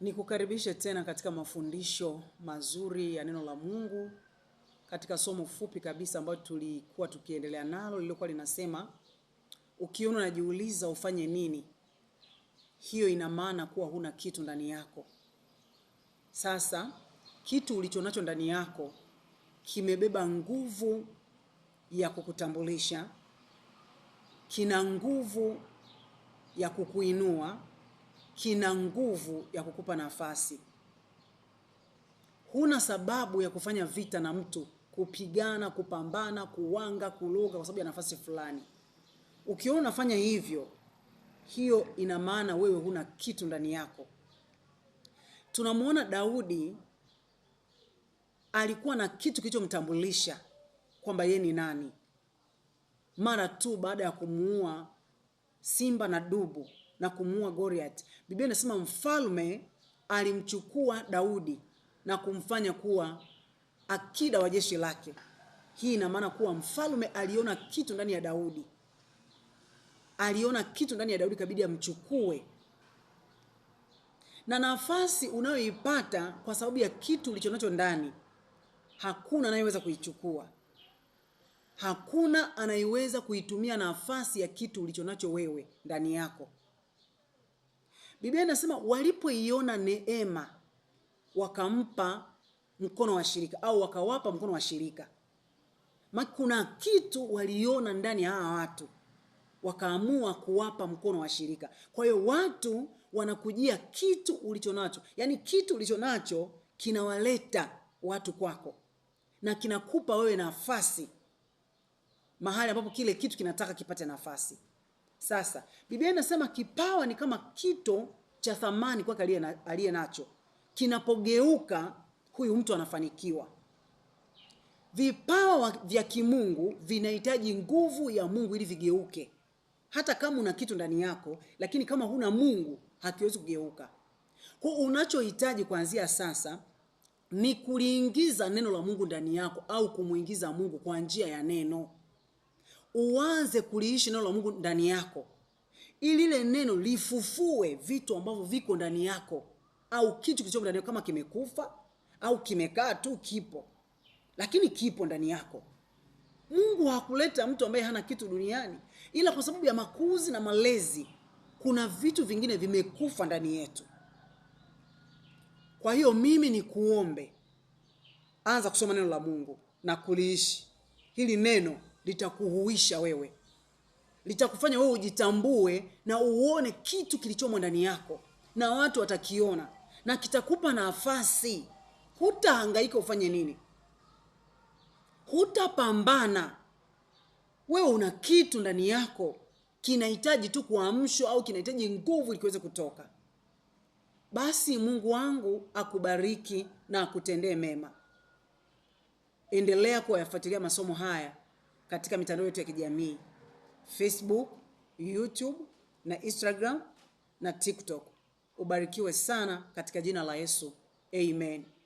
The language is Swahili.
Nikukaribishe tena katika mafundisho mazuri ya neno la Mungu katika somo fupi kabisa ambayo tulikuwa tukiendelea nalo lilikuwa linasema ukiona unajiuliza ufanye nini, hiyo ina maana kuwa huna kitu ndani yako. Sasa kitu ulichonacho ndani yako kimebeba nguvu ya kukutambulisha, kina nguvu ya kukuinua kina nguvu ya kukupa nafasi. Huna sababu ya kufanya vita na mtu, kupigana, kupambana, kuwanga, kuloga kwa sababu ya nafasi fulani. Ukiona unafanya hivyo, hiyo ina maana wewe huna kitu ndani yako. Tunamwona Daudi alikuwa na kitu kilichomtambulisha kwamba yeye ni nani. Mara tu baada ya kumuua simba na dubu, na kumuua Goliath. Biblia inasema mfalme alimchukua Daudi na kumfanya kuwa akida wa jeshi lake. Hii ina maana kuwa mfalme aliona kitu ndani ya Daudi, aliona kitu ndani ya Daudi, kabidi amchukue. Na nafasi unayoipata kwa sababu ya kitu ulichonacho ndani, hakuna anayeweza kuichukua, hakuna anayeweza kuitumia nafasi ya kitu ulichonacho wewe ndani yako. Biblia inasema walipoiona neema wakampa mkono wa shirika au wakawapa mkono wa shirika. Ma kuna kitu waliona ndani ya hawa watu wakaamua kuwapa mkono wa shirika. Kwa hiyo watu wanakujia kitu ulichonacho, yaani kitu ulichonacho kinawaleta watu kwako na kinakupa wewe nafasi mahali ambapo kile kitu kinataka kipate nafasi. Sasa Biblia inasema kipawa ni kama kito cha thamani kwake aliye nacho, kinapogeuka huyu mtu anafanikiwa. Vipawa vya kimungu vinahitaji nguvu ya Mungu ili vigeuke. Hata kama una kitu ndani yako, lakini kama huna Mungu hakiwezi kugeuka. Kwa unachohitaji kuanzia sasa ni kuliingiza neno la Mungu ndani yako au kumwingiza Mungu kwa njia ya neno uanze kuliishi neno la Mungu ndani yako, ili ile neno lifufue vitu ambavyo viko ndani yako, au kitu kilicho ndani yako, kama kimekufa au kimekaa tu, kipo lakini kipo ndani yako. Mungu hakuleta mtu ambaye hana kitu duniani, ila kwa sababu ya makuzi na malezi, kuna vitu vingine vimekufa ndani yetu. Kwa hiyo mimi ni kuombe, anza kusoma neno la Mungu na kuliishi hili neno litakuhuisha wewe, litakufanya wewe ujitambue na uone kitu kilichomo ndani yako, na watu watakiona na kitakupa nafasi. Hutahangaika ufanye nini, hutapambana. Wewe una kitu ndani yako kinahitaji tu kuamshwa, au kinahitaji nguvu ikiweze kutoka. Basi Mungu wangu akubariki na akutendee mema. Endelea kuyafuatilia masomo haya katika mitandao yetu ya kijamii Facebook, YouTube na Instagram na TikTok. Ubarikiwe sana katika jina la Yesu. Amen.